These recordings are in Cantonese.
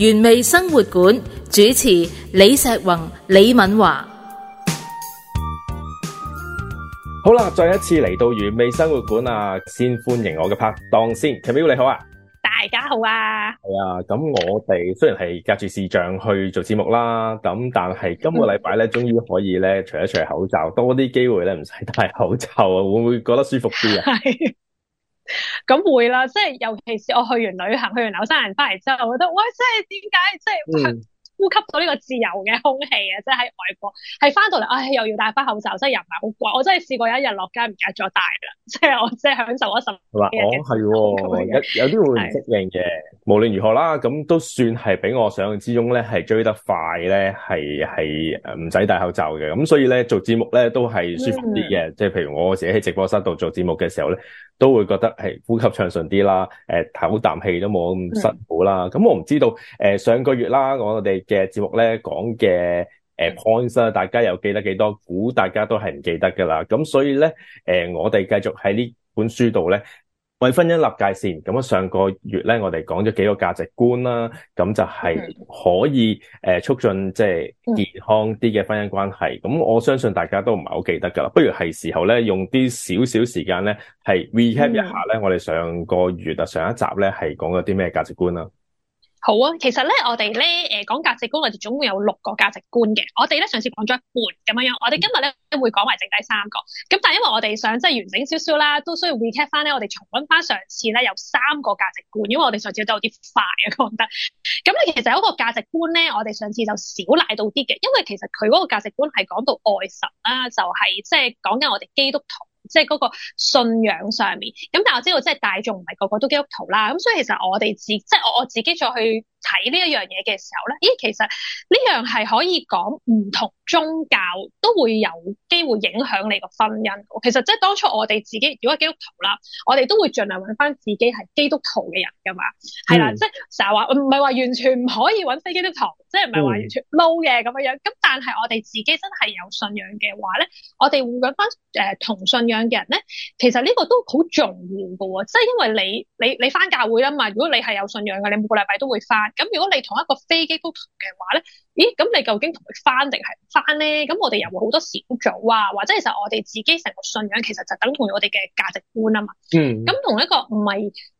原味生活館主持李碩宏、李敏華，好啦，再一次嚟到原味生活館啊，先歡迎我嘅拍檔先，陳表你好啊，大家好啊，係啊，咁我哋雖然係隔住視像去做節目啦，咁但係今個禮拜咧，終於、嗯、可以咧除一除口罩，多啲機會咧唔使戴口罩啊，會唔會覺得舒服啲啊？ 咁會啦，即係尤其是我去完旅行，去完紐西蘭翻嚟之後，我覺得，喂，即係點解，即係。呼吸到呢個自由嘅空氣啊！即係喺外國，係翻到嚟，唉、哎，又要戴翻口罩，真係又唔係好慣。我真係試過有一日落街唔記得咗戴啦，即係我即係享受一陣。係嘛、哦？係喎、哦，有有啲會唔適應嘅。是無論如何啦，咁都算係比我想象之中咧，係追得快咧，係係唔使戴口罩嘅。咁所以咧，做節目咧都係舒服啲嘅。即係、嗯、譬如我自己喺直播室度做節目嘅時候咧，都會覺得係呼吸暢順啲啦，誒，唞啖氣都冇咁辛苦啦。咁我唔知道誒，上個月啦，我哋。嘅節目咧講嘅誒 points 啊，呃、 大家又記得幾多？估大家都係唔記得噶啦。咁所以咧誒、呃，我哋繼續喺呢本書度咧，為婚姻立界線。咁啊，上個月咧，我哋講咗幾個價值觀啦。咁就係可以誒、呃、促進即係健康啲嘅婚姻關係。咁我相信大家都唔係好記得噶啦。不如係時候咧，用啲少少時間咧，係 recap 一下咧，嗯、我哋上個月啊，上一集咧，係講咗啲咩價值觀啊？好啊，其實咧我哋咧，誒講價值觀，我哋總共有六個價值觀嘅。我哋咧上次講咗一半咁樣樣，我哋今日咧會講埋剩低三個。咁但係因為我哋想即係完整少少啦，都需要 recap 翻咧，我哋重溫翻上，上次咧有三個價值觀，因為我哋上次都有啲快啊講得。咁咧其實有一個價值觀咧，我哋上次就少瀨到啲嘅，因為其實佢嗰個價值觀係講到愛神啦，就係即係講緊我哋基督徒。即係嗰個信仰上面，咁但係我知道即係大眾唔係個個都基督徒啦，咁所以其實我哋自即係我我自己再去。睇呢一樣嘢嘅時候咧，咦，其實呢樣係可以講唔同宗教都會有機會影響你個婚姻。其實即係當初我哋自己如果係基督徒啦，我哋都會盡量揾翻自己係基督徒嘅人噶嘛。係啦、嗯，即係成日話唔係話完全唔可以揾非基督徒，即係唔係話完全冇嘅咁樣。咁、嗯、但係我哋自己真係有信仰嘅話咧，我哋會揾翻誒同信仰嘅人咧，其實呢個都好重要嘅喎、哦。即係因為你你你翻教會啊嘛，如果你係有信仰嘅，你每個禮拜都會翻。咁如果你同一個飛機不嘅話咧，咦？咁你究竟同佢翻定係唔翻咧？咁我哋又會好多小組啊，或者其實我哋自己成個信仰其實就等同於我哋嘅價值觀啊嘛。嗯。咁同一個唔係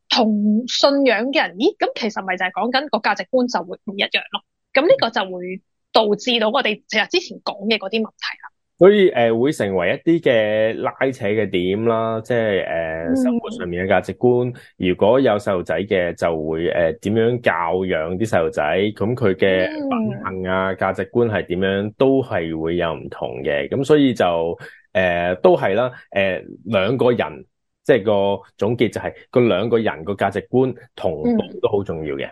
同信仰嘅人，咦？咁其實咪就係講緊個價值觀就會唔一樣咯啊。咁呢個就會導致到我哋其實之前講嘅嗰啲問題啦。所以誒、呃、會成為一啲嘅拉扯嘅點啦，即係誒、呃、生活上面嘅價值觀。如果有細路仔嘅，就會誒、呃、點樣教養啲細路仔，咁佢嘅品行啊、價值觀係點樣，都係會有唔同嘅。咁所以就誒、呃、都係啦，誒、呃、兩個人即係個總結就係、是、個兩個人個價值觀同步都好重要嘅。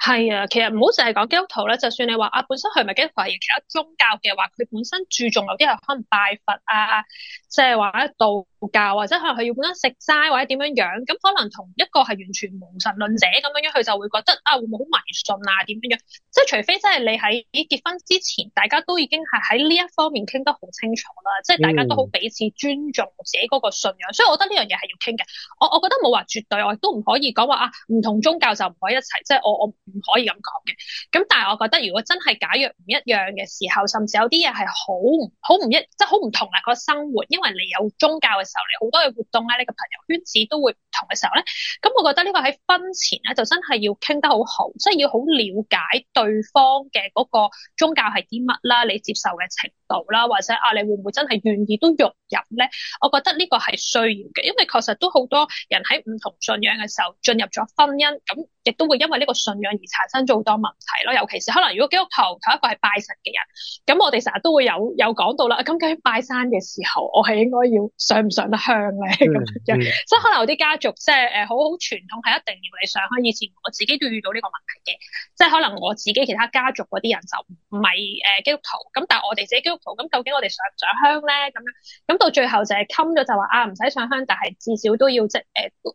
係啊，其實唔好淨係講基督徒咧，就算你話啊本身佢唔係基督徒，其他宗教嘅話，佢本身注重有啲人可能拜佛啊，即係話道教、啊、或者，或者可能佢要本身食齋或者點樣樣，咁可能同一個係完全無神論者咁樣樣，佢就會覺得啊會唔會好迷信啊點樣樣？即係除非真係你喺結婚之前，大家都已經係喺呢一方面傾得好清楚啦，即係大家都好彼此尊重自己嗰個信仰，嗯、所以我覺得呢樣嘢係要傾嘅。我我覺得冇話絕對，我亦都唔可以講話啊唔同宗教就唔可以一齊，即係我我。我我唔可以咁講嘅，咁但係我覺得如果真係假若唔一樣嘅時候，甚至有啲嘢係好好唔一，即係好唔同啊，個生活，因為你有宗教嘅時候，你好多嘅活動咧，你個朋友圈子都會唔同嘅時候咧，咁我覺得呢個喺婚前咧就真係要傾得好好，即係要好了解對方嘅嗰個宗教係啲乜啦，你接受嘅程度啦，或者啊，你會唔會真係願意都用？入咧，我覺得呢個係需要嘅，因為確實都好多人喺唔同信仰嘅時候進入咗婚姻，咁亦都會因為呢個信仰而產生咗好多問題咯。尤其是可能如果基督徒頭一個係拜神嘅人，咁我哋成日都會有有講到啦。咁、啊、究竟拜山嘅時候，我係應該要上唔上得香咧？咁樣即係可能有啲家族即係誒好好傳統係一定要你上香。以前我自己都遇到呢個問題嘅，即係可能我自己其他家族嗰啲人就唔係誒基督徒，咁但係我哋自己基督徒，咁究竟我哋上唔上香咧？咁樣咁。到最後就係冚咗就話啊，唔使上香，但係至少都要即係誒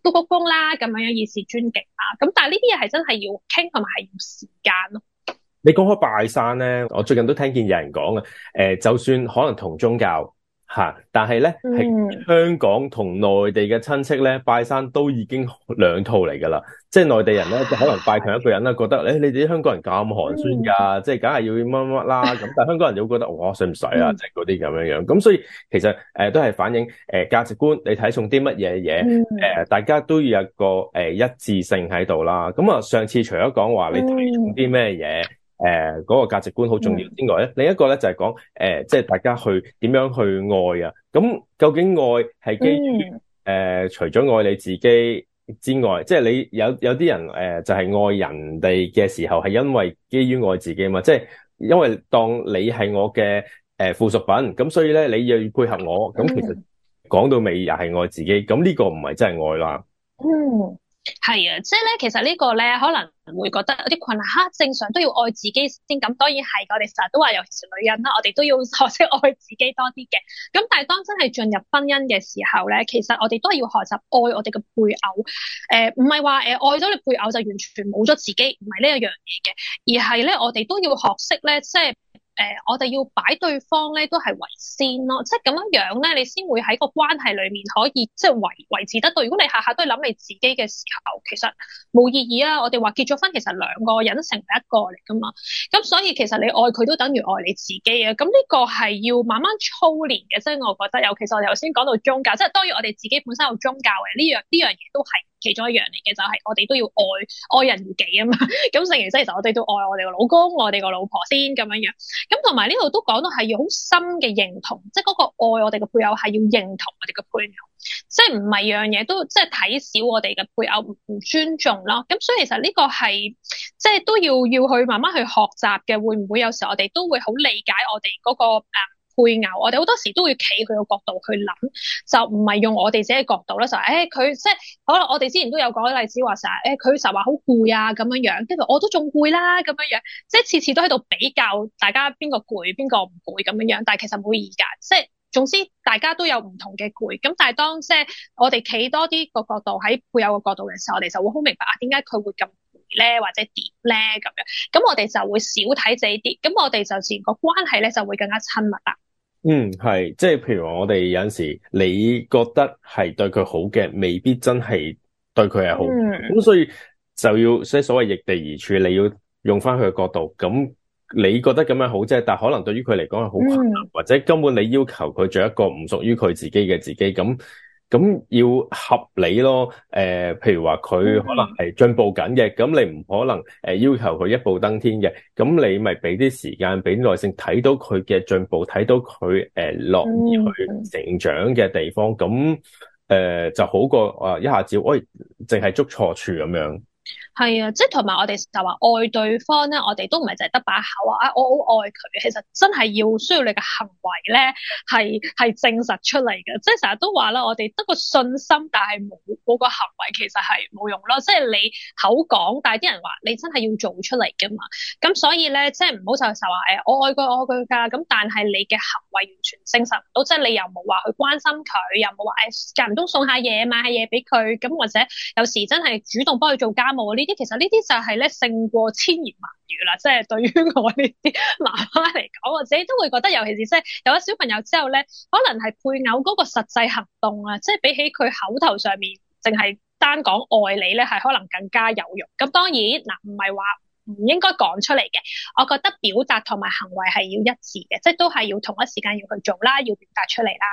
鞠鞠躬啦，咁樣樣以示尊敬啊。咁但係呢啲嘢係真係要傾，同埋係要時間咯。你講開拜山咧，我最近都聽見有人講啊，誒、呃，就算可能同宗教。吓，但係咧，係香港同內地嘅親戚咧拜山都已經兩套嚟噶啦，即係內地人咧，就可能拜強一個人咧覺得，誒、 哎，你哋啲香港人咁寒酸㗎，即係梗係要乜乜啦咁，但係香港人就會覺得，哇，使唔使啊？即係嗰啲咁樣樣，咁 所以其實誒、呃、都係反映誒價、呃、值觀，你睇重啲乜嘢嘢，誒、呃、大家都要有個誒、呃、一致性喺度啦。咁啊，上次除咗講話你睇重啲咩嘢？ 誒，嗰個價值觀好重要。之外咧，另一個咧就係講，誒，即係大家去點樣去愛啊？咁究竟愛係基於誒，嗯，除咗愛你自己之外，即係你有有啲人誒，就係愛人哋嘅時候，係因為基於愛自己嘛？即係因為當你係我嘅誒附屬品，咁所以咧你要配合我，咁其實講到尾又係愛自己。咁呢個唔係真係愛啦。嗯。係啊，即係咧，其實呢個咧可能會覺得有啲困難。哈，正常都要愛自己先咁，當然係。我哋成日都話，尤其是女人啦，我哋都要學識愛自己多啲嘅。咁但係當真係進入婚姻嘅時候咧，其實我哋都係要學習愛我哋嘅配偶。誒、呃，唔係話誒愛咗你配偶就完全冇咗自己，唔係呢一樣嘢嘅，而係咧我哋都要學識咧即係。誒、呃，我哋要擺對方咧都係為先咯，即係咁樣樣咧，你先會喺個關係裏面可以即係維維持得到。如果你下下都係諗你自己嘅時候，其實冇意義啊！我哋話結咗婚，其實兩個人成為一個嚟噶嘛，咁所以其實你愛佢都等於愛你自己啊！咁呢個係要慢慢操練嘅，即係我覺得尤其係我哋頭先講到宗教，即係當然我哋自己本身有宗教嘅呢樣呢樣嘢都係。其中一樣嚟嘅就係我哋都要愛愛人如己啊嘛，咁所以其實其實我哋都愛我哋個老公、我哋個老婆先咁樣樣，咁同埋呢度都講到係要好深嘅認同，即係嗰個愛我哋嘅配偶係要認同我哋嘅配偶，即係唔係樣嘢都即係睇少我哋嘅配偶唔尊重啦，咁所以其實呢個係即係都要要去慢慢去學習嘅，會唔會有時我哋都會好理解我哋嗰、嗰個、呃配偶，我哋好多時都會企佢個角度去諗，就唔係用我哋自己嘅角度咧。就係誒，佢即係可能我哋之前都有講例子話，成日誒佢就話好攰啊咁樣樣，跟住我都仲攰啦咁樣樣，即係次次都喺度比較大家邊個攰，邊個唔攰咁樣樣。但係其實冇意義㗎，即係總之大家都有唔同嘅攰。咁但係當即係我哋企多啲個角度喺配偶個角度嘅時候，我哋就會好明白點解佢會咁攰咧，或者點咧咁樣。咁我哋就會少睇自己啲，咁我哋就自然個關係咧就會更加親密啦。嗯，係，即係譬如我哋有陣時，你覺得係對佢好嘅，未必真係對佢係好。咁、嗯、所以就要即所，所謂易地而處，你要用翻佢嘅角度。咁你覺得咁樣好啫，但可能對於佢嚟講係好困難，嗯、或者根本你要求佢做一個唔屬於佢自己嘅自己咁。咁要合理咯，誒、呃，譬如話佢可能係進步緊嘅，咁你唔可能誒要求佢一步登天嘅，咁你咪俾啲時間，俾耐性睇到佢嘅進步，睇到佢誒樂意去成長嘅地方，咁誒、呃、就好過誒、呃、一下子，喂、哎，淨係捉錯處咁樣。係啊，即係同埋我哋就話愛對方咧，我哋都唔係淨係得把口啊！我好愛佢，其實真係要需要你嘅行為咧，係係證實出嚟嘅。即係成日都話啦，我哋得個信心，但係冇冇個行為其實係冇用咯。即係你口講，但係啲人話你真係要做出嚟㗎嘛。咁所以咧，即係唔好就係就話誒我愛佢我愛佢㗎。咁但係你嘅行為完全證實唔到，即係你又冇話去關心佢，又冇話誒間唔中送下嘢、買下嘢俾佢，咁或者有時真係主動幫佢做家務啲。其實呢啲就係咧勝過千言萬語啦，即係對於我呢啲媽媽嚟講，我自己都會覺得，尤其是即係有咗小朋友之後咧，可能係配偶嗰個實際行動啊，即係比起佢口頭上面淨係單講愛你咧，係可能更加有用。咁當然嗱，唔係話唔應該講出嚟嘅，我覺得表達同埋行為係要一致嘅，即係都係要同一時間要去做啦，要表達出嚟啦。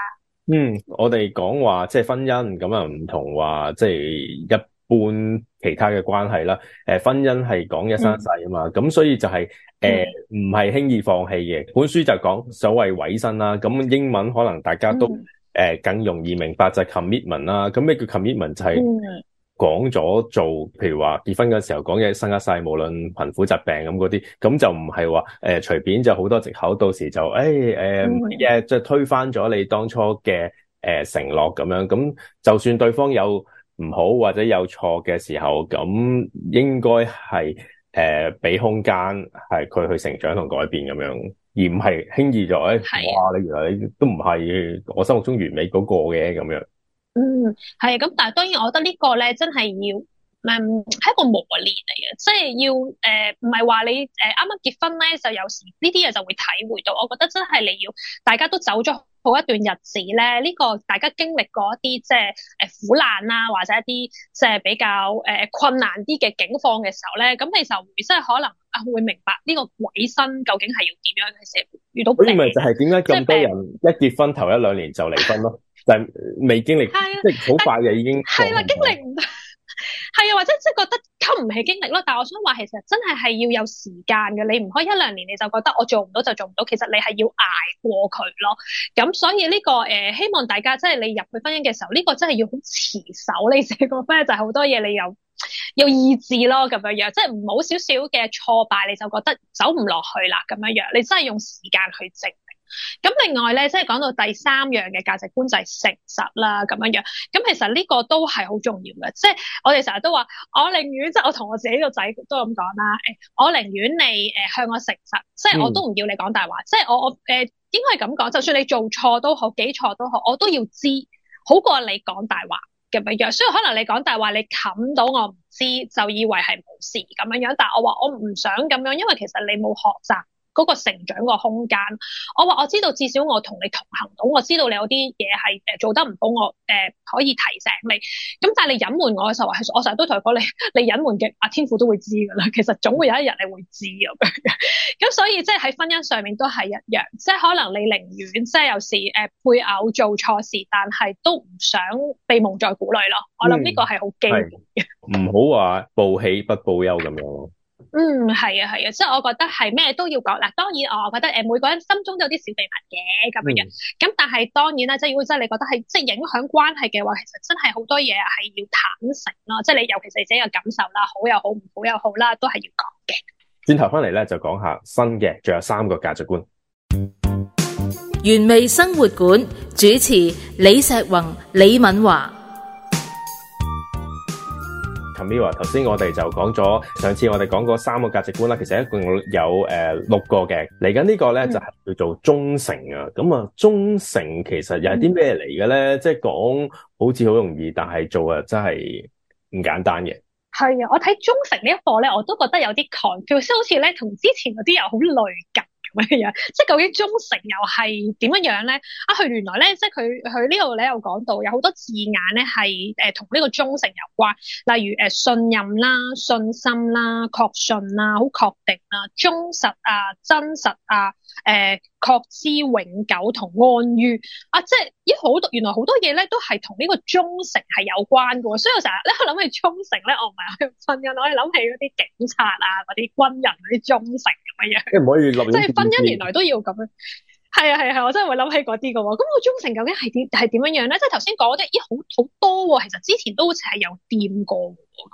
嗯，我哋講話即係婚姻咁啊，唔同話即係一。半其他嘅關係啦，誒，婚姻係講一生一世啊嘛，咁所以就係誒唔係輕易放棄嘅。本書就講所謂委身啦，咁英文可能大家都誒、呃、更容易明白就 commitment 啦，咁咩叫 commitment 就係講咗做，譬如話結婚嘅時候講一生一世，無論貧富疾病咁嗰啲，咁就唔係話誒隨便就好多借口，到時就誒誒嘢，就推翻咗你當初嘅誒、呃、承諾咁樣，咁、呃、就算對方有。唔好或者有錯嘅時候，咁應該係誒俾空間係佢去成長同改變咁樣，而唔係輕易咗。誒、哎、話的你原來你都唔係我心目中完美嗰個嘅咁樣。嗯，係咁但係當然，我覺得個呢個咧真係要。誒，係一個磨練嚟嘅，即係要誒，唔係話你誒，啱啱結婚咧，就有時呢啲嘢就會體會到。我覺得真係你要，大家都走咗好一段日子咧，呢個大家經歷過一啲即係誒苦難啦，turkey, 或者一啲即係比較誒困難啲嘅境況嘅時候咧，咁其實會真係可能啊會明白呢個鬼身究竟係要點樣去時候，遇到病。咪 Friend. 就係點解咁多人一結婚 頭一兩年就離婚咯？就未、是、經歷，即係好快嘅已經係啦、呃，經歷 96 Emm 係啊，或者即係覺得吸唔起經歷咯。但係我想話，其實真係係要有時間嘅。你唔可以一兩年，你就覺得我做唔到就做唔到。其實你係要挨過佢咯。咁所以呢、這個誒、呃，希望大家即係你入去婚姻嘅時候，呢、這個真係要好持守。你成個婚姻就係好多嘢，你有有意志咯，咁樣樣。即係唔好少少嘅挫敗，你就覺得走唔落去啦，咁樣樣。你真係用時間去證。咁另外咧，即係講到第三樣嘅價值觀就係誠實啦，咁樣樣。咁其實呢個都係好重要嘅，即係我哋成日都話，我寧願即係我同我自己個仔都咁講啦。誒、欸，我寧願你誒、呃、向我誠實，即係我都唔要你講大話。嗯、即係我我誒、呃、應該係咁講，就算你做錯都好，幾錯都好，我都要知，好過你講大話咁樣樣。所以可能你講大話，你冚到我唔知，就以為係冇事咁樣樣。但係我話我唔想咁樣，因為其實你冇學習。嗰個成長個空間，我話我知道至少我同你同行到，我知道你有啲嘢係誒，做得唔好，我誒、呃、可以提醒你。咁但係你隱瞞我嘅時候，我成日都同佢講，你你隱瞞嘅阿天父都會知噶啦，其實總會有一日你會知咁樣。咁、嗯、 所以即係喺婚姻上面都係一樣，即係可能你寧願即係有時誒配偶做錯事，但係都唔想被蒙在鼓裏咯。我諗呢個係好驚，唔好話報喜不報憂咁樣咯。嗯，係啊，係啊，即係我覺得係咩都要講嗱。當然，我啊覺得誒，每個人心中都有啲小秘密嘅咁樣樣。咁但係當然啦，即係如果真係你覺得係即係影響關係嘅話，其實真係好多嘢係要坦誠咯。即係你尤其是自己嘅感受啦，好又好，唔好又好啦，都係要講嘅。轉頭翻嚟咧，就講下新嘅，仲有三個價值觀。原味生活館主持李碩宏、李敏華。Mira，頭先我哋就講咗上次我哋講過三個價值觀啦，其實一共有誒六個嘅。嚟緊呢個咧、嗯、就係叫做忠誠啊。咁啊，忠誠其實又係啲咩嚟嘅咧？即係講好似好容易，但係做啊真係唔簡單嘅。係啊，我睇忠誠呢一課咧，我都覺得有啲強調，先好似咧同之前嗰啲又好類㗎。乜嘢？ 即係究竟忠誠又係點樣樣咧？啊，佢原來咧，即係佢佢呢度咧又講到有好多字眼咧係誒同呢，呃、個忠誠有關，例如誒、呃、信任啦、信心啦、確信啦、好確定啦、忠實啊、真實啊、誒、呃。確知永久同安於啊，即係依好多原來好多嘢，咧都係同呢個忠誠係有關嘅。所以我成日咧諗起忠誠咧，我唔係去婚姻，我係諗起嗰啲警察啊，嗰啲軍人嗰啲忠誠咁樣，即係唔可以諗。即係婚姻原來都要咁樣，係啊係啊，啊，我真係會諗起嗰啲嘅。咁、個忠誠究竟係點係點樣樣咧？即係頭先講啲咦，好、欸、好多、啊，其實之前都好似係有掂過。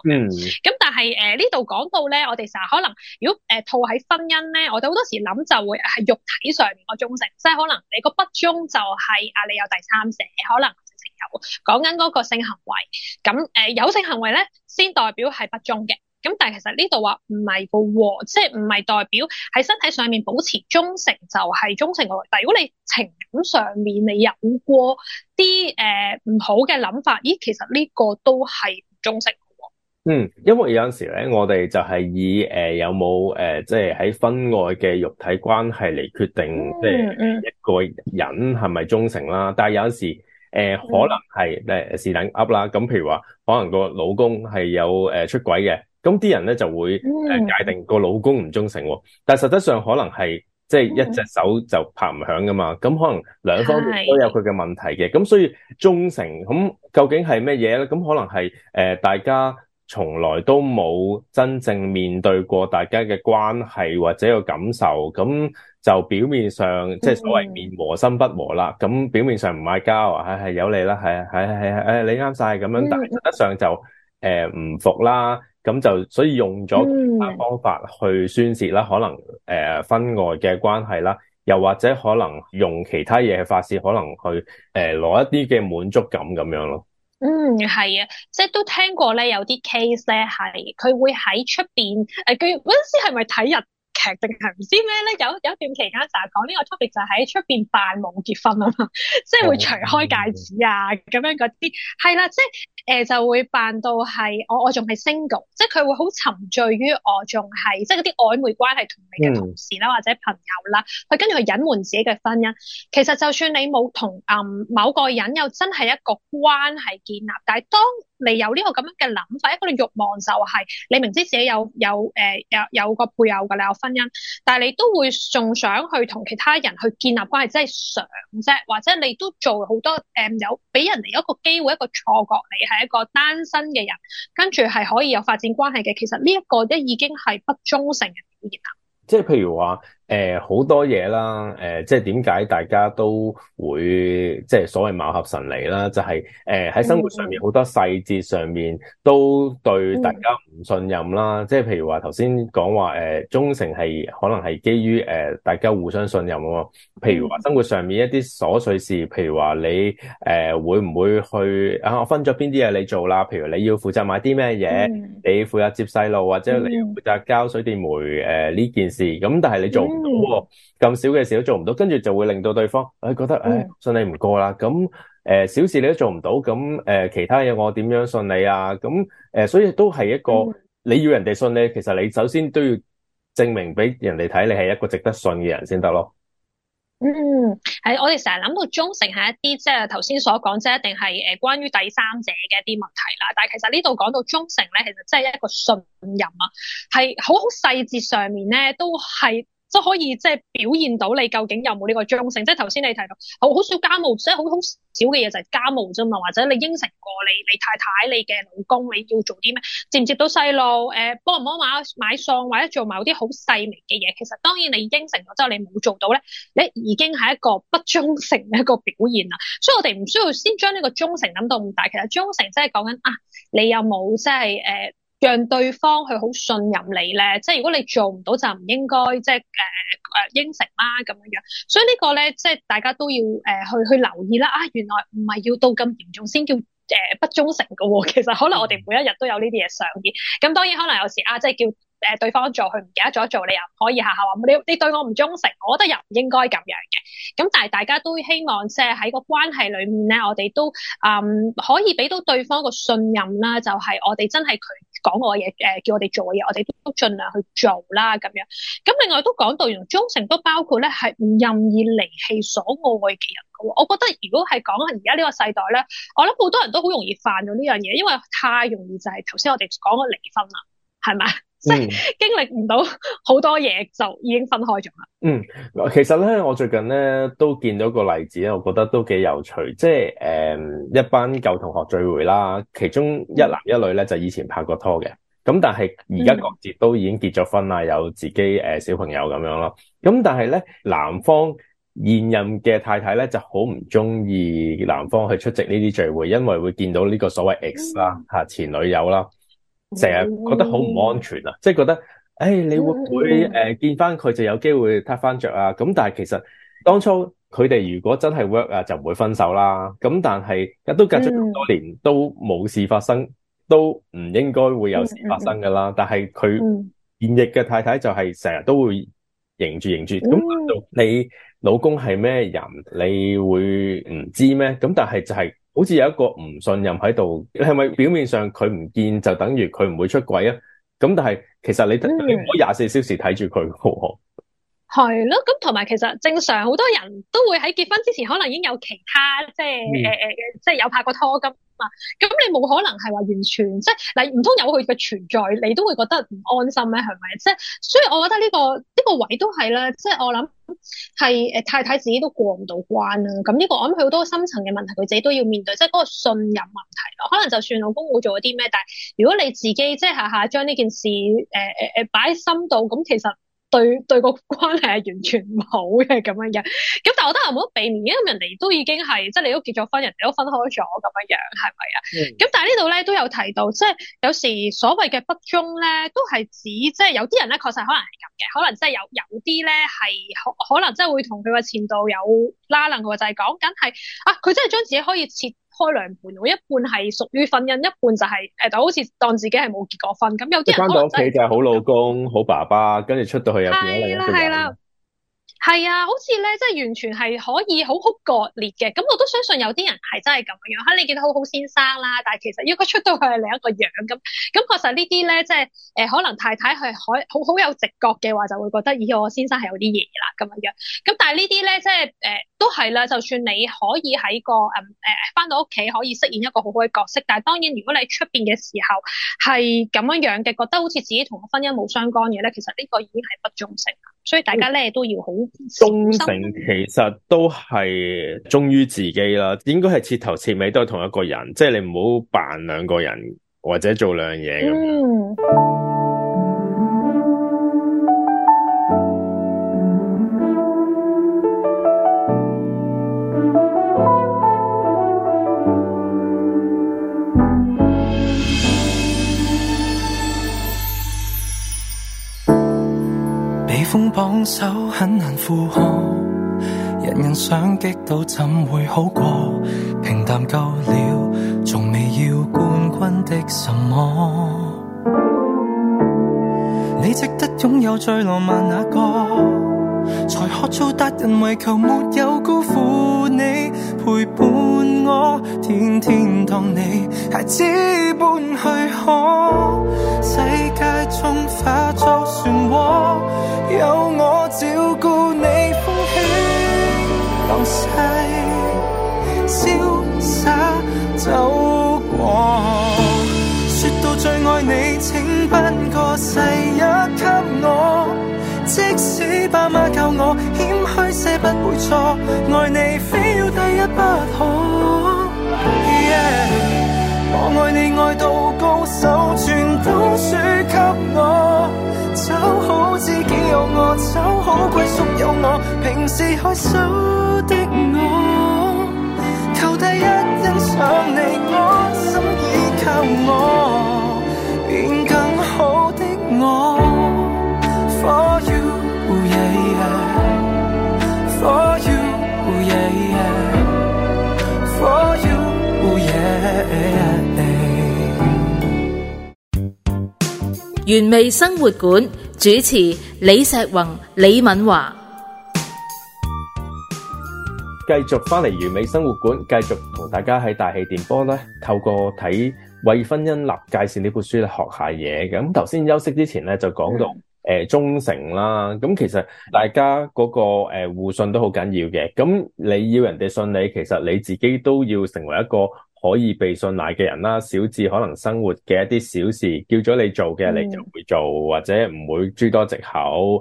嗯，咁但係誒呢度講到咧，我哋成日可能如果誒套喺婚姻咧，我哋好多時諗就會係肉體上面個忠誠，即係可能你個不忠就係、是、啊你有第三者，可能直情有講緊嗰個性行為，咁、嗯、誒、呃、有性行為咧先代表係不忠嘅，咁但係其實呢度話唔係個喎，即係唔係代表喺身體上面保持忠誠就係忠誠個，但係如果你情感上面你有過啲誒唔好嘅諗法，咦其實呢個都係唔忠誠。嗯，因為有陣時咧，我哋就係以誒、呃、有冇誒、呃、即係喺婚外嘅肉體關係嚟決定，嗯、即係一個人係咪忠誠啦。但係有陣時誒可能係誒是但噏啦。咁譬如話，可能、呃、可能個老公係有誒、呃、出軌嘅，咁啲人咧就會誒界、呃、定個老公唔忠誠。但係實質上可能係即係一隻手就拍唔響噶嘛。咁可能兩方面都有佢嘅問題嘅。咁的所以忠誠咁究竟係咩嘢咧？咁可能係誒、呃呃、大家。從來都冇真正面對過大家嘅關係或者個感受，咁就表面上即係所謂面和心不和啦。咁表面上唔嗌交啊，係、哎、係有你啦，係、哎、啊，係係係，誒你啱晒咁樣，但係實質上就誒唔、呃、服啦。咁就所以用咗其他方法去宣洩啦，可能誒婚、呃、外嘅關係啦，又或者可能用其他嘢去發洩，可能去誒攞、呃、一啲嘅滿足感咁樣咯。嗯，係啊，即係都聽過咧，有啲 case 咧係佢會喺出邊誒，佢嗰陣時係咪睇日劇定係唔知咩咧？有有一段期間就講呢個 topic 就係喺出邊扮冇結婚啊嘛， 即係會除開戒指啊咁樣嗰啲，係啦，即係。誒、呃、就會扮到係我，我仲係 single，即係佢會好沉醉於我仲係即係嗰啲曖昧關係同你嘅同事啦，嗯、或者朋友啦，佢跟住去隱瞞自己嘅婚姻。其實就算你冇同、嗯、某個人有真係一個關係建立，但係當你有呢個咁樣嘅諗法，一個欲望就係、是、你明知自己有有誒、呃、有有個配偶㗎，你有婚姻，但係你都會仲想去同其他人去建立關係，真係想啫，或者你都做好多誒、呃、有俾人哋一個機會，一個錯覺，你係。一個單身嘅人，跟住係可以有發展關係嘅，其實呢一個咧已經係不忠誠嘅表現啦。即係譬如話。誒，好、呃、多嘢啦，誒、呃，即係點解大家都會即係所謂貌合神離啦？就係誒喺生活上面好多細節上面都對大家唔信任啦。即係譬如話頭先講話，誒、呃，忠誠係可能係基於誒、呃、大家互相信任喎。譬如話生活上面一啲瑣碎事，譬如話你誒、呃、會唔會去啊？我分咗邊啲嘢你做啦？譬如你要負責買啲咩嘢，嗯、你負責接細路或者你負責交水電煤誒呢、呃呃、件事，咁但係你做。咁少嘅事都做唔到，跟住就會令到對方誒覺得誒、嗯、信你唔過啦。咁誒、呃、小事你都做唔到，咁誒、呃、其他嘢我點樣信你啊？咁誒、呃，所以都係一個、嗯、你要人哋信你，其實你首先都要證明俾人哋睇，你係一個值得信嘅人先得咯。嗯，係我哋成日諗到忠誠係一啲即係頭先所講，即係一定係誒關於第三者嘅一啲問題啦。但係其實呢度講到忠誠咧，其實真係一個信任啊，係好好細節上面咧都係。即係可以即係表現到你究竟有冇呢個忠誠，即係頭先你提到好，好少家務，即係好好少嘅嘢就係家務啫嘛，或者你應承過你你太太、你嘅老公你要做啲咩？接唔接到細路？誒、呃，幫唔幫買買餸，或者做某啲好細微嘅嘢？其實當然你應承咗之後你冇做到咧，你已經係一個不忠誠嘅一個表現啦。所以我哋唔需要先將呢個忠誠諗到咁大，其實忠誠即係講緊啊，你有冇即係誒？呃讓對方去好信任你咧，即係如果你做唔到就唔應該即係誒誒應承啦咁樣樣，所以個呢個咧即係大家都要誒、呃、去去留意啦。啊，原來唔係要到咁嚴重先叫誒、呃、不忠誠噶、哦，其實可能我哋每一日都有呢啲嘢上演。咁當然可能有時啊，即係叫誒對方做佢唔記得咗做，你又唔可以下下話你你對我唔忠誠，我覺得又唔應該咁樣嘅。咁但係大家都希望即係喺個關係裏面咧，我哋都嗯、呃、可以俾到對方一個信任啦，就係、是、我哋真係佢。講我嘅嘢，誒叫我哋做嘅嘢，我哋都盡量去做啦咁樣。咁另外都講到，原來忠誠都包括咧係唔任意離棄所愛嘅人嘅。我覺得如果係講而家呢個世代咧，我諗好多人都好容易犯咗呢樣嘢，因為太容易就係頭先我哋講嘅離婚啦，係咪？即係經歷唔到好多嘢，就已經分開咗啦。嗯，其實咧，我最近咧都見到個例子咧，我覺得都幾有趣。即係誒、嗯，一班舊同學聚會啦，其中一男一女咧就以前拍過拖嘅，咁但係而家各自都已經結咗婚啦，嗯、有自己誒、呃、小朋友咁樣咯。咁但係咧，男方現任嘅太太咧就好唔中意男方去出席呢啲聚會，因為會見到呢個所謂 x 啦，吓、嗯、前女友啦。成日覺得好唔安全啊！即係覺得，誒、哎，你會唔會誒見翻佢就有機會撻翻着啊？咁但係其實當初佢哋如果真係 work 啊，就唔會分手啦。咁但係都隔咗咁多年，都冇事發生，嗯、都唔應該會有事發生噶啦。但係佢現役嘅太太就係成日都會迎住迎住。咁你老公係咩人，你會唔知咩？咁但係就係、是。好似有一個唔信任喺度，你係咪表面上佢唔見就等於佢唔會出軌啊？咁但係其實你、嗯、你唔可以二十四小時睇住佢喎。係咯，咁同埋其實正常好多人都會喺結婚之前可能已經有其他即係誒誒，即係、呃、有拍過拖咁啊。咁你冇可能係話完全即係，嗱唔通有佢嘅存在，你都會覺得唔安心咧？係咪？即係，所以我覺得呢個呢個位都係咧，即係我諗係誒太太自己都過唔到關啊。咁呢個我諗佢好多深層嘅問題，佢自己都要面對，即係嗰個信任問題咯。可能就算老公冇做啲咩，但係如果你自己即係下下將呢件事誒誒誒擺喺心度，咁其實。對對，個關係係完全唔好嘅咁樣嘅，咁但係我都係冇得避免嘅，人哋都已經係即係你都結咗婚，人哋都分開咗咁樣樣，係咪啊？咁、嗯、但係呢度咧都有提到，即係有時所謂嘅不忠咧，都係指即係有啲人咧確實可能係咁嘅，可能即係有有啲咧係可可能即係會同佢嘅前度有拉拉，就係講緊係啊，佢真係將自己可以切。開兩半，我一半係屬於婚姻，一半就係、是、誒，就、欸、好似當自己係冇結過婚咁。有啲人翻到屋企就係、是、好老公、好爸爸，跟住出到去又係啦，係啦。係啊，好似咧，即係完全係可以好好割裂嘅。咁我都相信有啲人係真係咁樣。嚇，你見到好好先生啦，但係其實如果出到去係另一個樣咁，咁確實呢啲咧，即係誒、呃、可能太太係可好好，好有直覺嘅話，就會覺得咦，我先生係有啲嘢啦咁樣。咁但係呢啲咧，即係誒、呃、都係啦。就算你可以喺個誒誒返到屋企可以飾演一個好好嘅角色，但係當然如果你出邊嘅時候係咁樣樣嘅，覺得好似自己同婚姻冇相關嘅咧，其實呢個已經係不忠誠。所以大家咧都要好忠誠，其實都係忠於自己啦。應該係徹頭徹尾都係同一個人，即係你唔好扮兩個人或者做兩樣嘢咁。風榜首很難負荷，人人想擊倒怎會好過？平淡夠了，從未要冠軍的什麼？你值得擁有最浪漫那個，才學做達人，為求沒有辜負你陪伴我，天天當你孩子般去看世界中化作漩渦。有我照顧你，風輕浪細，瀟灑走過。説到最愛你，請頒個世一給我。即使爸媽教我謙虛些，不會錯。愛你非要第一不可。Yeah, 我愛你愛到高手全都輸給我。找好知己有我，找好歸宿有我。平時害羞的我，求第一欣賞你，安心倚靠我。完美生活館主持李碩宏、李敏華，繼續翻嚟完美生活館，繼續同大家喺大氣電波咧，透過睇《為婚姻立界線》呢本書咧，學下嘢嘅。咁頭先休息之前咧，就講到誒、 呃、忠誠啦。咁其實大家嗰、那個誒、呃、互信都好緊要嘅。咁你要人哋信你，其實你自己都要成為一個。可以被信賴嘅人啦，小至可能生活嘅一啲小事，叫咗你做嘅，你就會做，或者唔會諸多藉口、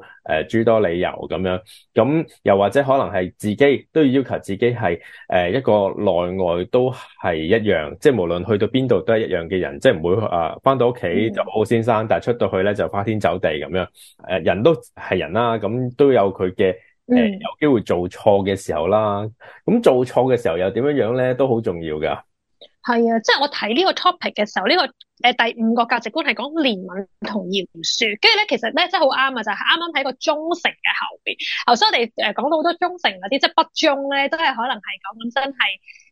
誒、呃、諸多理由咁樣。咁又或者可能係自己都要要求自己係誒、呃、一個內外都係一樣，即係無論去到邊度都係一樣嘅人，即係唔會啊翻、呃、到屋企就好好先生，嗯、但係出到去咧就花天酒地咁樣。誒、呃、人都係人啦，咁都有佢嘅誒有機會做錯嘅時候啦。咁、嗯、做錯嘅時候又點樣樣咧，都好重要噶。係啊，即係我睇呢個 topic 嘅時候，呢、這個誒、呃、第五個價值觀係講憐憫同饒恕，跟住咧其實咧真係好啱啊，就係啱啱喺個忠誠嘅後邊。頭先我哋誒講到好多忠誠嗰啲，即係不忠咧都係可能係講緊真係誒、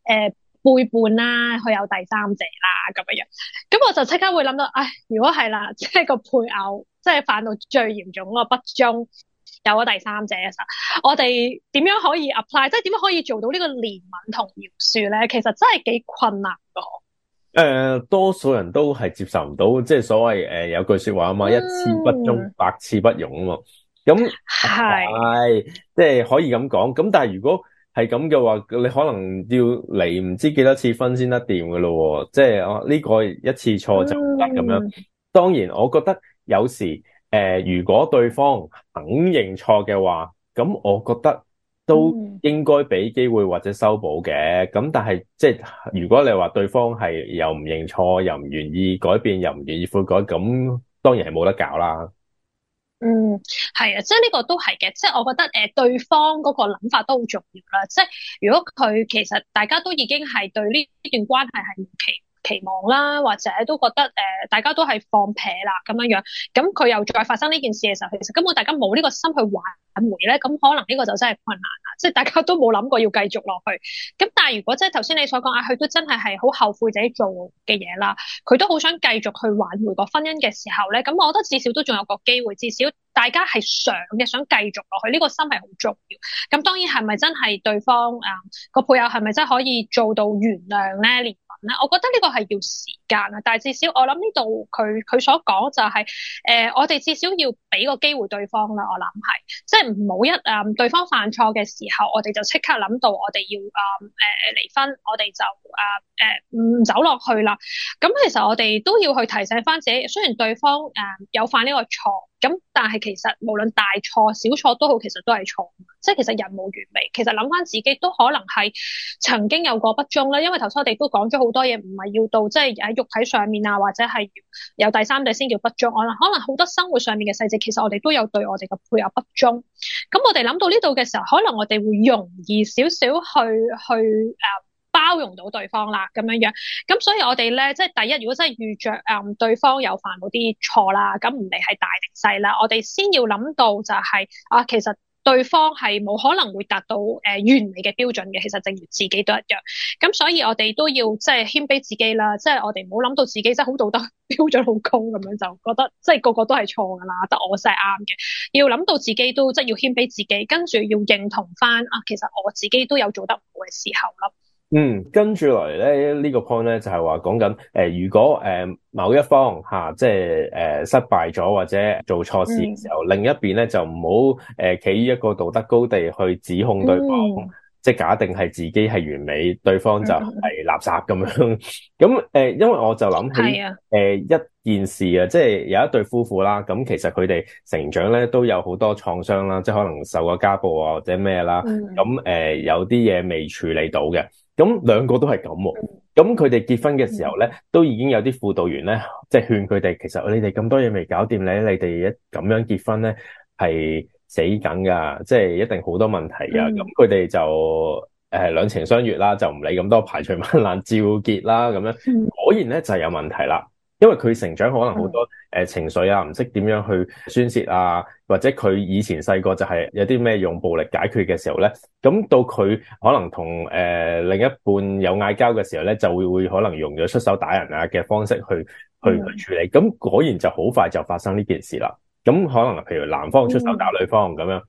呃、背叛啦，佢有第三者啦咁樣。咁我就即刻會諗到，唉，如果係啦，即係個配偶，即係犯到最嚴重個不忠有咗第三者嘅時候，我哋點樣可以 apply？即係點樣可以做到個呢個憐憫同饒恕咧？其實真係幾困難嘅。誒、呃，多數人都係接受唔到，即係所謂誒、呃、有句説話啊嘛，嗯、一次不忠，百次不容啊嘛。咁、嗯、係，即係那是、就是、可以咁講。咁但係如果係咁嘅話，你可能要嚟唔知幾多次分先得掂嘅咯。即係啊，呢、這個一次錯就唔得咁樣。嗯、當然，我覺得有時。誒，如果對方肯認錯嘅話，咁我覺得都應該俾機會或者修補嘅。咁、嗯、但係即係如果你話對方係又唔認錯，又唔願意改變，又唔願意悔改，咁當然係冇得搞啦。嗯，係啊，即係呢個都係嘅。即係我覺得誒，對方嗰個諗法都好重要啦。即係如果佢其實大家都已經係對呢段關係係期。期望啦，或者都覺得誒、呃，大家都係放撇啦咁樣樣。咁佢又再發生呢件事嘅時候，其實根本大家冇呢個心去挽回咧。咁可能呢個就真係困難啦。即係大家都冇諗過要繼續落去。咁但係如果即係頭先你所講啊，佢都真係係好後悔自己做嘅嘢啦。佢都好想繼續去挽回個婚姻嘅時候咧。咁我覺得至少都仲有個機會，至少大家係想嘅，想繼續落去。呢、這個心係好重要。咁當然係咪真係對方誒個、呃、配偶係咪真係可以做到原諒咧？我覺得呢個係要時間啦，但係至少我諗呢度佢佢所講就係，是，誒、呃，我哋至少要俾個機會對方啦，我諗係，即係唔好一誒、呃，對方犯錯嘅時候，我哋就即刻諗到我哋要誒誒離婚，我哋就誒誒唔走落去啦。咁、嗯、其實我哋都要去提醒翻自己，雖然對方誒、呃、有犯呢個錯。咁，但係其實無論大錯小錯都好，其實都係錯，即係其實人冇完美，其實諗翻自己都可能係曾經有過不忠啦，因為頭先我哋都講咗好多嘢，唔係要到即係喺肉體上面啊，或者係有第三者先叫不忠啊。可能好多生活上面嘅細節，其實我哋都有對我哋嘅配偶不忠。咁我哋諗到呢度嘅時候，可能我哋會容易少少去去誒。呃包容到對方啦，咁樣樣。咁、嗯、所以我哋咧，即係第一，如果真係遇着誒、嗯、對方有犯到啲錯啦，咁唔理係大定細啦，我哋先要諗到就係、是、啊，其實對方係冇可能會達到誒、呃、完美嘅標準嘅。其實正如自己都一樣。咁、嗯、所以我哋都要即係謙卑自己啦，即係我哋唔好諗到自己真係好道德標準好高咁樣，就覺得即係個個都係錯噶啦，得我先係啱嘅。要諗到自己都即係要謙卑自己，跟住要認同翻啊，其實我自己都有做得唔好嘅時候啦。嗯，跟住嚟咧，呢、這個 point 咧就係話講緊，誒、呃，如果誒、呃、某一方吓、啊，即係誒、呃、失敗咗或者做錯事嘅時候，嗯、另一邊咧就唔好誒，企、呃、於一個道德高地去指控對方，嗯、即係假定係自己係完美，對方就係垃,垃圾咁樣。咁 誒、呃，因為我就諗起誒、呃、一件事啊，即係有一對夫婦啦，咁其實佢哋成長咧都有好多創傷啦，即係可能受過家暴啊或者咩啦，咁誒、嗯 呃、有啲嘢未處理到嘅。咁兩個都係咁，咁佢哋結婚嘅時候咧，都已經有啲輔導員咧，即係勸佢哋，其實你哋咁多嘢未搞掂咧，你哋一咁樣結婚咧係死梗噶，即係一定好多問題噶。咁佢哋就誒、呃、兩情相悅啦，就唔理咁多排除萬難照結啦，咁樣果然咧就係、是、有問題啦，因為佢成長可能好多。嗯嗯誒情緒啊，唔識點樣去宣泄啊，或者佢以前細個就係有啲咩用暴力解決嘅時候咧，咁到佢可能同誒、呃、另一半有嗌交嘅時候咧，就會會可能用咗出手打人啊嘅方式去去去處理，咁果然就好快就發生呢件事啦。咁可能譬如男方出手打女方咁樣。嗯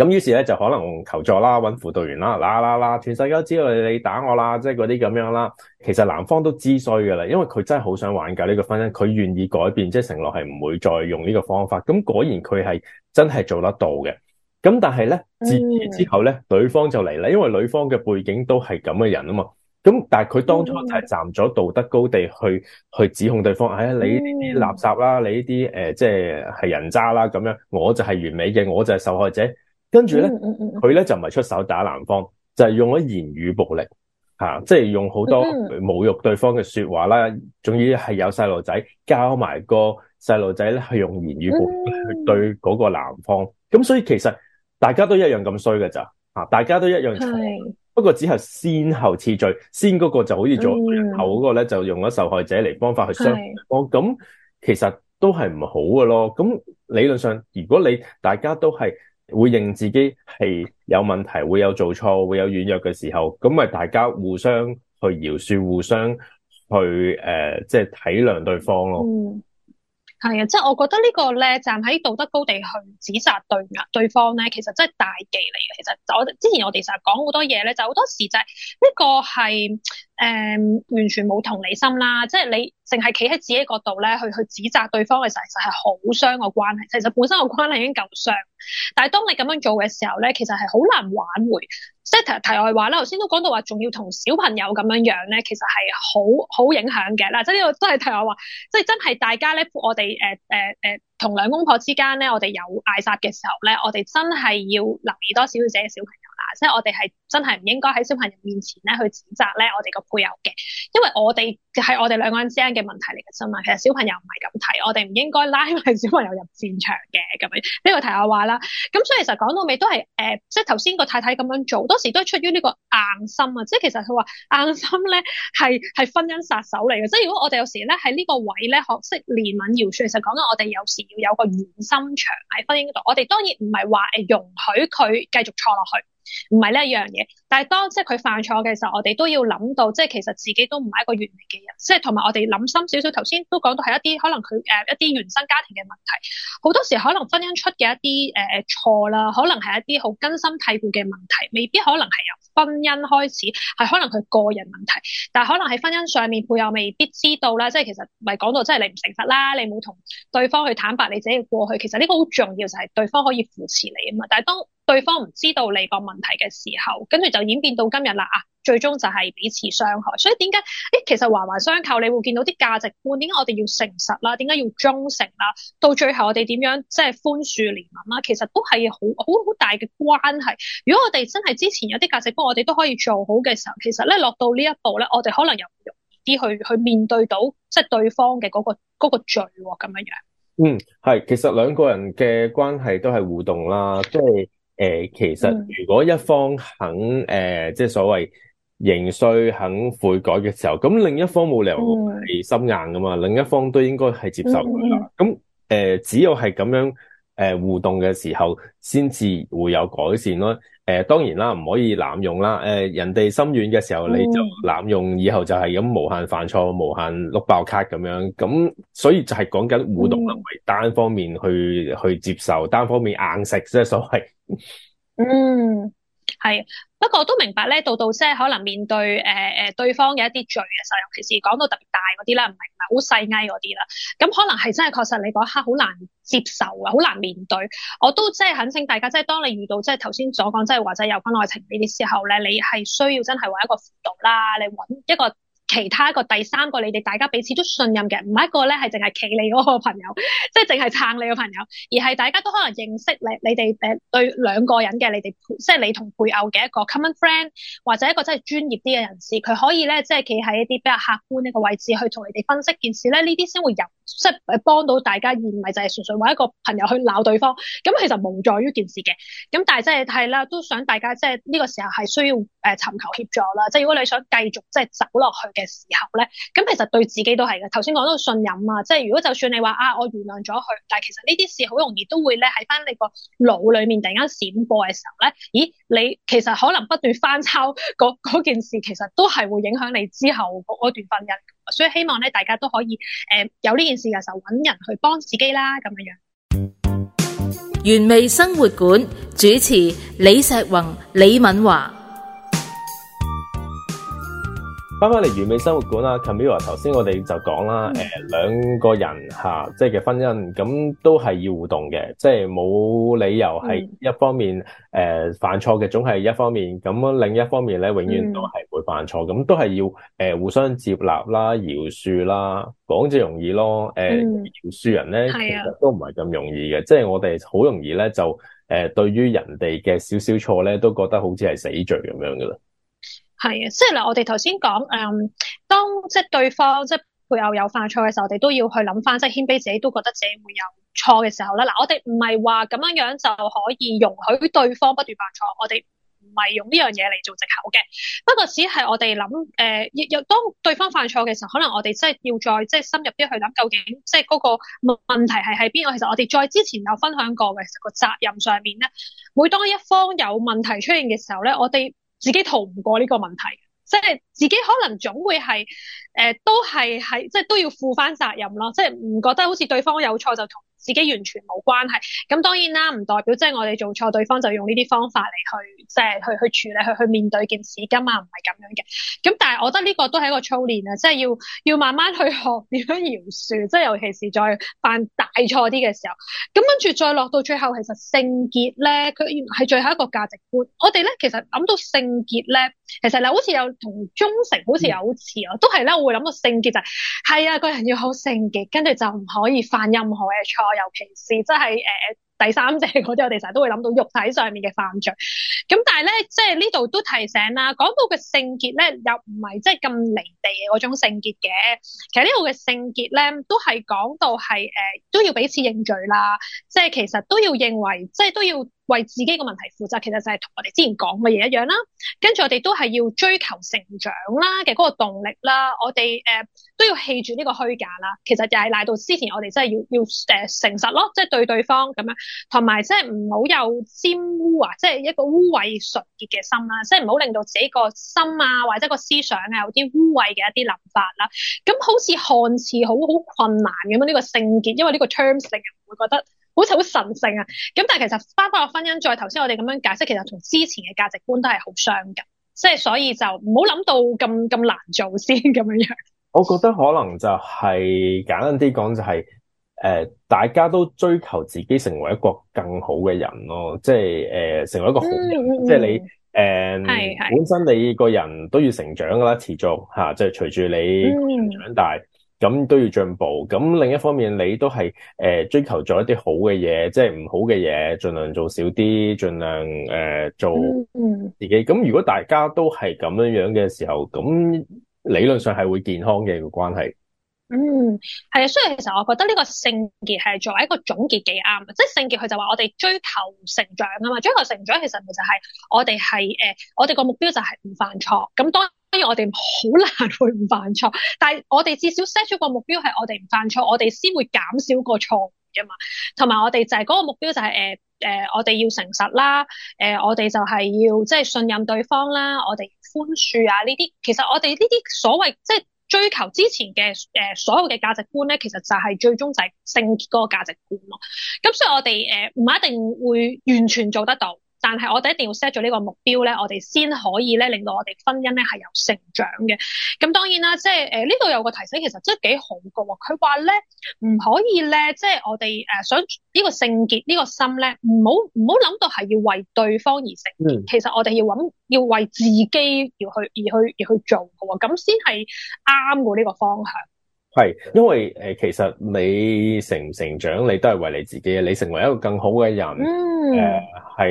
咁於是咧就可能求助啦，揾輔導員啦，啦啦啦，全世界都知道你打我啦，即係嗰啲咁樣啦。其實男方都知衰㗎啦，因為佢真係好想挽救呢個婚姻，佢願意改變，即係承諾係唔會再用呢個方法。咁果然佢係真係做得到嘅。咁但係咧，接完之後咧，女方就嚟啦，因為女方嘅背景都係咁嘅人啊嘛。咁但係佢當初係站咗道德高地去去指控對方，哎，你呢啲垃圾啦，你呢啲誒即係係人渣啦咁樣，我就係完美嘅，我就係受害者。跟住咧，佢咧就唔係出手打男方，就係、是、用咗言語暴力吓、啊，即係用好多侮辱對方嘅說話啦。仲要係有細路仔教埋個細路仔咧，係用言語暴力去對嗰個男方。咁、嗯嗯、所以其實大家都一樣咁衰嘅咋吓？大家都一樣，是不過只係先後次序，先嗰個就好似做，後嗰、嗯、個咧就用咗受害者嚟方法去傷人。咁是、哦、其實都係唔好嘅咯。咁理論上，如果你大家都係。會認自己係有問題，會有做錯，會有軟弱嘅時候，咁咪大家互相去饒恕，互相去誒、呃，即係體諒對方咯。嗯，係啊，即係我覺得呢個咧，站喺道德高地去指責對人對方咧，其實真係大忌嚟嘅。其實我之前我哋成日講好多嘢咧，就好多時就係呢個係。誒、嗯、完全冇同理心啦，即係你淨係企喺自己角度咧，去去指責對方嘅時候，其實係好傷個關係。其實本身個關係已經夠傷，但係當你咁樣做嘅時候咧，其實係好難挽回。即係題題外話啦，頭先都講到話，仲要同小朋友咁樣樣咧，其實係好好影響嘅。嗱，即係呢個都係題外話，即係真係大家咧，我哋誒誒誒。呃呃呃同兩公婆之間咧，我哋有嗌殺嘅時候咧，我哋真係要留意多少少自己嘅小朋友啦。即係我哋係真係唔應該喺小朋友面前咧去指責咧我哋個配偶嘅，因為我哋係我哋兩個人之間嘅問題嚟嘅啫嘛。其實小朋友唔係咁睇，我哋唔應該拉埋小朋友入戰場嘅咁樣。呢個題外話啦。咁所以其實講到尾都係誒、呃，即係頭先個太太咁樣做，當時都係出於呢個硬心啊。即係其實佢話硬心咧係係婚姻殺手嚟嘅。即係如果我哋有時咧喺呢個位咧學識憐憫饒恕，其實講緊我哋有時。要有個軟心腸喺婚姻度，我哋當然唔係話誒容許佢繼續錯落去，唔係呢一樣嘢。但係當即係佢犯錯嘅時候，我哋都要諗到，即係其實自己都唔係一個完美嘅人。即係同埋我哋諗深少少，頭先都講到係一啲可能佢誒一啲原生家庭嘅問題，好多時可能婚姻出嘅一啲誒、呃、錯啦，可能係一啲好根深蒂固嘅問題，未必可能係有。婚姻開始係可能佢個人問題，但係可能喺婚姻上面配偶未必知道啦。即係其實唔係講到即係你唔誠實啦，你冇同對方去坦白你自己嘅過去。其實呢個好重要就係、是、對方可以扶持你啊嘛。但係當對方唔知道你個問題嘅時候，跟住就演變到今日啦啊！最終就係彼此傷害，所以點解？誒、欸，其實環環相扣，你會見到啲價值觀。點解我哋要誠實啦、啊？點解要忠誠啦、啊？到最後我哋點樣即係寬恕憐憫啦？其實都係好好好大嘅關係。如果我哋真係之前有啲價值觀，我哋都可以做好嘅時候，其實咧落到呢一步咧，我哋可能又容易啲去去面對到即係對方嘅嗰、那個嗰、那個罪咁、啊、樣。嗯，係，其實兩個人嘅關係都係互動啦，即、就、係、是。誒、呃，其實如果一方肯誒、呃，即係所謂認罪肯悔改嘅時候，咁另一方冇理由係心硬噶嘛，嗯、另一方都應該係接受佢啦。咁誒、嗯呃，只有係咁樣誒、呃、互動嘅時候，先至會有改善咯。誒、呃，當然啦，唔可以濫用啦。誒、呃，人哋心軟嘅時候，你就濫用，以後就係咁無限犯錯、無限碌爆卡咁樣。咁所以就係講緊互動能唔係單方面去去接受，單方面硬食即係所謂。 嗯。係，不過都明白咧，到到即係可能面對誒誒、呃、對方嘅一啲罪嘅時候，尤其是講到特別大嗰啲啦，唔係唔係好細埃嗰啲啦。咁可能係真係確實你嗰一刻好難接受啊，好難面對。我都即係懇請大家，即係當你遇到即係頭先所講，即係話齋有婚外情呢啲時候咧，你係需要真係揾一個輔導啦，你揾一個。其他一個第三個，你哋大家彼此都信任嘅，唔係一個咧，係淨係企你嗰個朋友，即係淨係撐你嘅朋友，而係大家都可能認識你，你哋誒對兩個人嘅你哋，即係你同配偶嘅一個 common friend，或者一個真係專業啲嘅人士，佢可以咧即係企喺一啲比較客觀呢個位置去同你哋分析件事咧，呢啲先會有，即係幫到大家，而唔係就係純粹揾一個朋友去鬧對方，咁其實無助於件事嘅。咁但係即係係啦，都想大家即係呢個時候係需要誒、呃、尋求協助啦。即係如果你想繼續即係走落去嘅時候咧，咁其實對自己都係嘅。頭先講到信任啊，即係如果就算你話啊，我原諒咗佢，但係其實呢啲事好容易都會咧喺翻你個腦裏面突然間閃過嘅時候咧，咦，你其實可能不斷翻抄嗰件事，其實都係會影響你之後嗰段婚姻。所以希望咧，大家都可以誒、呃，有呢件事嘅時候揾人去幫自己啦，咁樣樣。原味生活館主持李碩宏、李敏華。翻返嚟完美生活館啦，Kamila 頭先我哋就講啦，誒兩、嗯呃、個人吓，即係嘅婚姻，咁、嗯、都係要互動嘅，即係冇理由係一方面誒、嗯呃、犯錯嘅，總係一方面咁、嗯嗯、另一方面咧，永遠都係會犯錯，咁、嗯嗯、都係要誒、呃、互相接納啦、饒恕啦，講就容易咯，誒、呃、饒、嗯、恕人咧，其實都唔係咁容易嘅，嗯、即係我哋好容易咧就誒對於人哋嘅少少錯咧，都覺得好似係死罪咁樣嘅嘞。係啊，即係嗱，我哋頭先講，嗯，當即對方即係配偶有犯錯嘅時候，我哋都要去諗翻，即係謙卑自己，都覺得自己會有錯嘅時候咧。嗱，我哋唔係話咁樣樣就可以容許對方不斷犯錯，我哋唔係用呢樣嘢嚟做藉口嘅。不過只係我哋諗，誒、呃，有有當對方犯錯嘅時候，可能我哋即係要再即係深入啲去諗，究竟即係嗰個問題係喺邊。我其實我哋再之前有分享過嘅個責任上面咧，每當一方有問題出現嘅時候咧，我哋。自己逃唔過呢個問題，即係自己可能總會係，誒、呃，都係係，即係都要負翻責任咯，即係唔覺得好似對方有錯就同。自己完全冇關係，咁當然啦，唔代表即係我哋做錯，對方就用呢啲方法嚟去即係去去處理，去去面對件事情啊，唔係咁樣嘅。咁但係我覺得呢個都係一個操練啊，即係要要慢慢去學點樣饒恕，即係尤其是再犯大錯啲嘅時候，咁跟住再落到最後，其實聖潔咧，佢係最後一個價值觀。我哋咧其實諗到聖潔咧，其實你好似有同忠誠好似有好似啊，都係咧會諗到聖潔就係、是、係啊，個人要好聖潔，跟住就唔可以犯任何嘅錯。尤其是即係誒、呃第三者嗰啲，我哋成日都會諗到肉體上面嘅犯罪。咁但係咧，即係呢度都提醒啦，講到嘅聖潔咧，又唔係即係咁離地嘅嗰種聖潔嘅。其實呢度嘅聖潔咧，都係講到係誒、呃、都要彼此認罪啦，即係其實都要認為，即係都要為自己個問題負責。其實就係同我哋之前講嘅嘢一樣啦。跟住我哋都係要追求成長啦嘅嗰個動力啦。我哋誒、呃、都要棄住呢個虛假啦。其實就係賴到之前我哋真係要要誒、呃、誠實實咯，即係對對方咁樣。同埋即係唔好有沾污啊即係一個污穢純潔嘅心啦、啊，即係唔好令到自己個心啊或者個思想啊有啲污穢嘅一啲諗法啦、啊。咁好似看似好好困難咁樣呢個聖潔，因為呢個 terms 聖人會覺得好似好神聖啊咁但係其實返返嘅婚姻，再頭先我哋咁樣解釋，其實同之前嘅價值觀都係好相近，即係所以就唔好諗到咁咁難做先咁樣樣。我覺得可能就係、是、簡單啲講就係、是。誒，uh, 大家都追求自己成為一個更好嘅人咯，即係誒、呃，成為一個好人，嗯、即係你誒，嗯、本身你個人都要成長噶啦，持續吓、啊，即係隨住你成長大，咁、嗯、都要進步。咁另一方面，你都係誒、呃、追求做一啲好嘅嘢，即係唔好嘅嘢盡量做少啲，盡量誒、呃、做自己。咁如果大家都係咁樣樣嘅時候，咁理論上係會健康嘅個關係。嗯，係啊，所以其實我覺得呢個聖潔係作為一個總結幾啱，即係聖潔佢就話、是、我哋追求成長啊嘛，追求成長其實咪就係我哋係誒，我哋、就是那個目標就係唔犯錯，咁當然我哋好難會唔犯錯，但係我哋至少 set 咗個目標係我哋唔犯錯，我哋先會減少個錯誤噶嘛，同埋我哋就係嗰個目標就係誒誒，我哋要誠實啦，誒、呃、我哋就係要即係、就是、信任對方啦，我哋寬恕啊呢啲，其實我哋呢啲所謂即係。就是追求之前嘅誒所有嘅價值觀咧，其實就係最終就係聖潔個價值觀咯。咁所以我哋誒唔一定會完全做得到。但係我哋一定要 set 咗呢個目標咧，我哋先可以咧令到我哋婚姻咧係有成長嘅。咁當然啦，即係誒呢度有個提醒，其實真係幾好嘅。佢話咧，唔可以咧，即係我哋誒、呃、想呢個聖潔呢個心咧，唔好唔好諗到係要為對方而成。嗯、其實我哋要搵要為自己要去而去而去，而去做嘅，咁先係啱嘅呢個方向。係，因為誒、呃，其實你成唔成長，你都係為你自己嘅。你成為一個更好嘅人，誒、嗯，係、呃、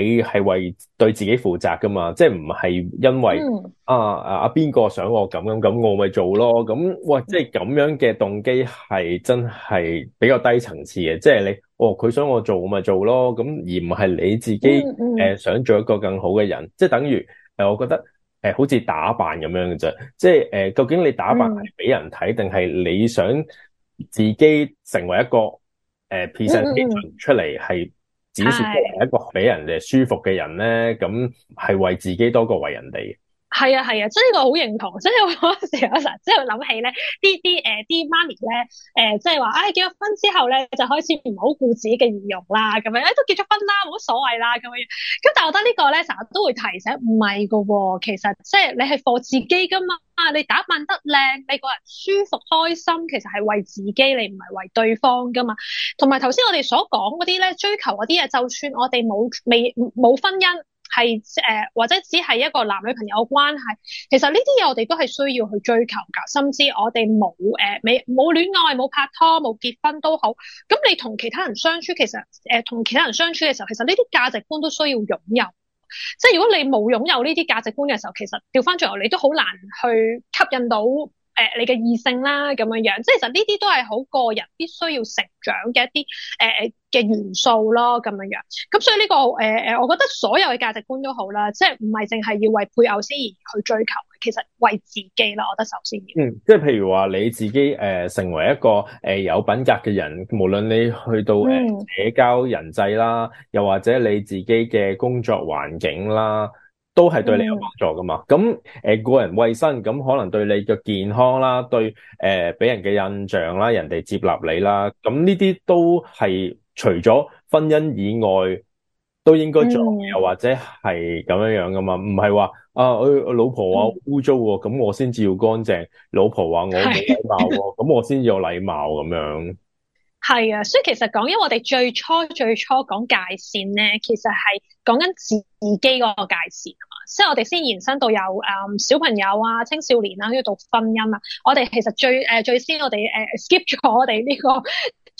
你係為對自己負責噶嘛？即係唔係因為、嗯、啊啊阿邊個想我咁咁咁，我咪做咯。咁、嗯、喂、呃，即係咁樣嘅動機係真係比較低層次嘅。即係你哦，佢想我做，咪做咯。咁而唔係你自己誒、嗯嗯呃、想做一個更好嘅人，即係等於誒、呃，我覺得。誒、呃，好似打扮咁樣嘅啫，即係誒、呃，究竟你打扮係俾人睇，定係、嗯、你想自己成為一個誒，presentation 出嚟係展示一個俾人哋舒服嘅人咧？咁係、嗯、為自己多過為人哋。係啊係啊，所、啊啊這個、呢我好認同。所以我嗰時嗰時即係諗起咧，啲啲誒啲媽咪咧誒，即係話，唉結咗婚之後咧就開始唔好顧自己嘅儀容啦，咁樣誒都結咗婚啦，冇所謂啦咁樣。咁但係我覺得個呢個咧成日都會提醒，唔係噶喎。其實即係你係為自己噶嘛，你打扮得靚，你個人舒服開心，其實係為自己，你唔係為對方噶嘛。同埋頭先我哋所講嗰啲咧，追求嗰啲嘢，就算我哋冇未冇婚姻。係誒、呃，或者只係一個男女朋友嘅關係，其實呢啲嘢我哋都係需要去追求㗎。甚至我哋冇誒，未冇戀愛、冇拍拖、冇結婚都好。咁你同其他人相處，其實誒同，呃、其他人相處嘅時候，其實呢啲價值觀都需要擁有。即係如果你冇擁有呢啲價值觀嘅時候，其實掉返轉頭你都好難去吸引到誒、呃，你嘅異性啦，咁樣樣，即係其實呢啲都係好個人必須要成長嘅一啲誒誒嘅元素咯，咁樣樣。咁所以呢、這個誒誒、呃，我覺得所有嘅價值觀都好啦，即係唔係淨係要為配偶先而去追求，其實為自己啦。我覺得首先要嗯，即係譬如話你自己誒、呃、成為一個誒、呃、有品格嘅人，無論你去到誒、呃、社交人際啦，又或者你自己嘅工作環境啦。都係對你有幫助噶嘛？咁誒、呃，個人衛生咁可能對你嘅健康啦，對誒，俾、呃、人嘅印象啦，人哋接納你啦，咁呢啲都係除咗婚姻以外都應該做，又或者係咁樣樣噶嘛？唔係話啊，我老婆話污糟，咁我先至要乾淨；老婆話、哦、我冇禮貌、哦，咁我先至有禮貌咁樣。係啊，所以其實講，因為我哋最初最初講界線咧，其實係講緊自己嗰個界線啊，所以我哋先延伸到有誒、um, 小朋友啊、青少年啊，跟住到婚姻啊，我哋其實最誒、呃、最先我哋誒、uh, skip 咗我哋呢個。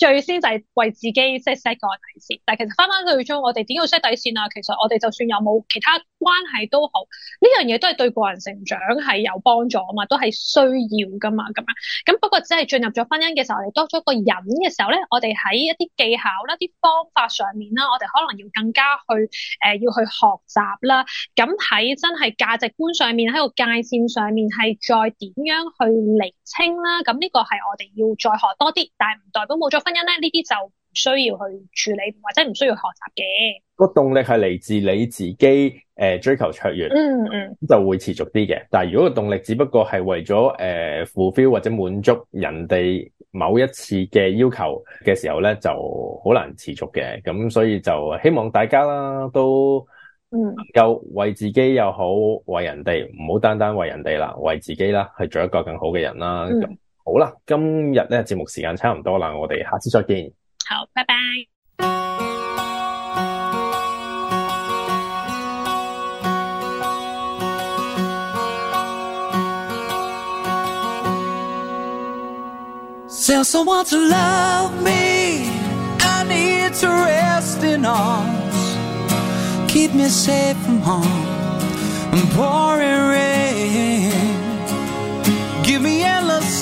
最先就係為自己即 set 個底線，但係其實翻返去將我哋點要 set 底線啊，其實我哋就算有冇其他關係都好，呢樣嘢都係對個人成長係有幫助啊嘛，都係需要噶嘛，咁啊，咁不過只係進入咗婚姻嘅時候，我哋多咗個人嘅時候咧，我哋喺一啲技巧啦、啲方法上面啦，我哋可能要更加去誒、呃、要去學習啦，咁喺真係價值觀上面、喺個界線上面係再點樣去釐清啦，咁呢個係我哋要再學多啲，但係唔代表冇咗婚姻。因呢啲就唔需要去處理或者唔需要學習嘅，個動力係嚟自你自己誒、呃、追求卓越。嗯嗯，嗯就會持續啲嘅。但係如果個動力只不過係為咗誒、呃、fulfill 或者滿足人哋某一次嘅要求嘅時候咧，就好難持續嘅。咁所以就希望大家啦都嗯能夠為自己又好、嗯、為人哋，唔好單單為人哋啦，為自己啦，係做一個更好嘅人啦。嗯好啦，今日呢節目時間差唔多啦，我哋下次再見。好，拜拜。